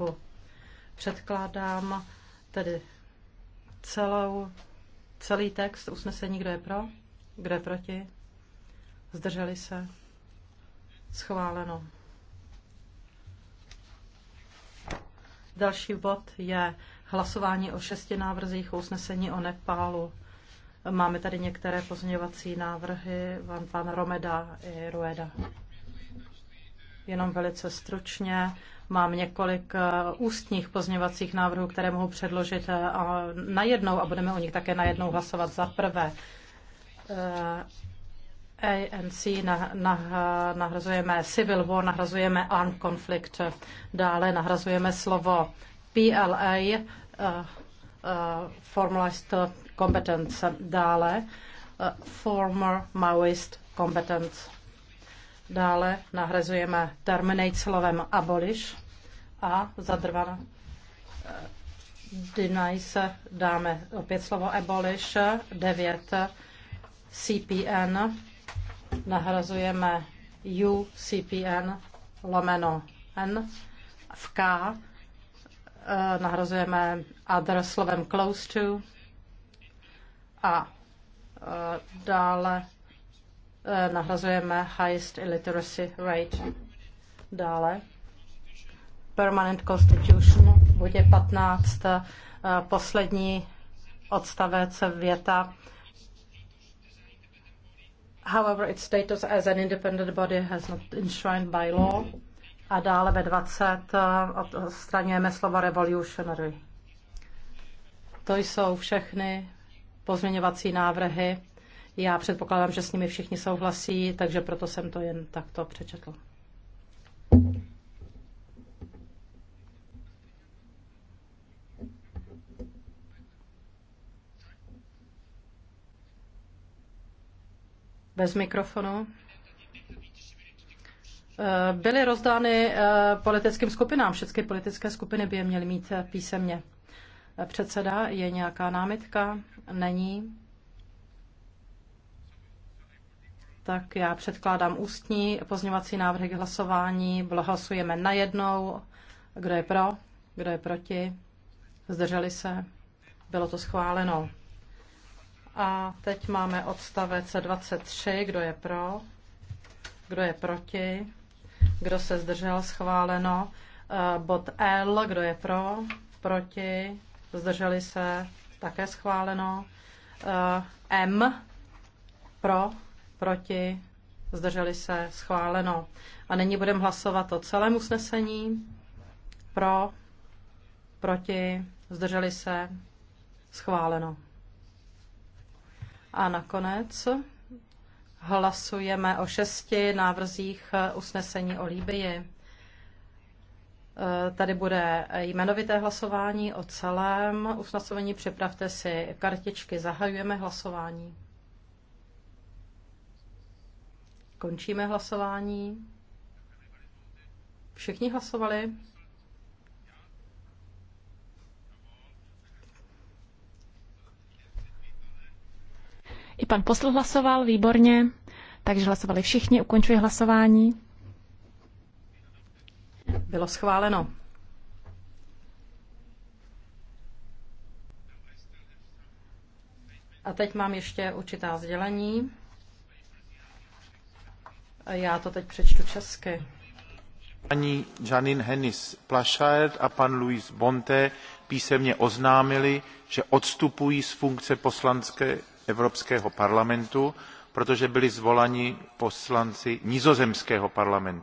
Jako předkládám tedy celou, celý text usnesení, kdo je pro, kdo je proti, zdrželi se, schváleno. Další bod je hlasování o šesti návrzích usnesení o Nepálu. Máme tady některé pozměňovací návrhy, pan, pan Romeda i Rueda. Jenom velice stručně. Mám několik eh, ústních pozměvacích návrhů, které mohu předložit eh, najednou a budeme o nich také najednou hlasovat za prvé. Eh, ANC nahrazujeme civil war, nahrazujeme armed conflict, dále nahrazujeme slovo PLA, formalized competence, dále former Maoist competence. Dále nahrazujeme terminate slovem abolish a zadrvan eh, se dáme opět slovo abolish 9 CPN nahrazujeme UCPN lomeno N v K eh, nahrazujeme other slovem close to a eh, dále Eh, nahrazujeme highest illiteracy rate. Dále permanent constitution bude eh, 15, poslední odstavec věta. However, its status as an independent body has not enshrined by law. A dále ve 20 eh, odstraňujeme slovo revolutionary. To jsou všechny pozměňovací návrhy já předpokládám, že s nimi všichni souhlasí, takže proto jsem to jen takto přečetl. Bez mikrofonu. Eh, byly rozdány eh, politickým skupinám. Všechny politické skupiny by je měly mít písemně. Předseda, je nějaká námitka? Není. tak já předkládám ústní pozněvací návrhy k hlasování. Hlasujeme najednou. Kdo je pro? Kdo je proti? Zdrželi se? Bylo to schváleno. A teď máme odstavec 23. Kdo je pro? Kdo je proti? Kdo se zdržel? Schváleno. E, bod L. Kdo je pro? Proti? Zdrželi se? Také schváleno. E, M. Pro? proti, zdrželi se, schváleno. A nyní budeme hlasovat o celém usnesení. Pro, proti, zdrželi se, schváleno. A nakonec hlasujeme o šesti návrzích usnesení o Líbii. E, tady bude jmenovité hlasování o celém usnesení. Připravte si kartičky, zahajujeme hlasování. Končíme hlasování. Všichni hlasovali? I pan posl hlasoval, výborně. Takže hlasovali všichni, ukončuji hlasování. Bylo schváleno. A teď mám ještě určitá sdělení. Já to teď přečtu česky. Paní Janine Hennis Plašard a pan Luis Bonte písemně oznámili, že odstupují z funkce poslanské Evropského parlamentu, protože byli zvolani poslanci nizozemského parlamentu.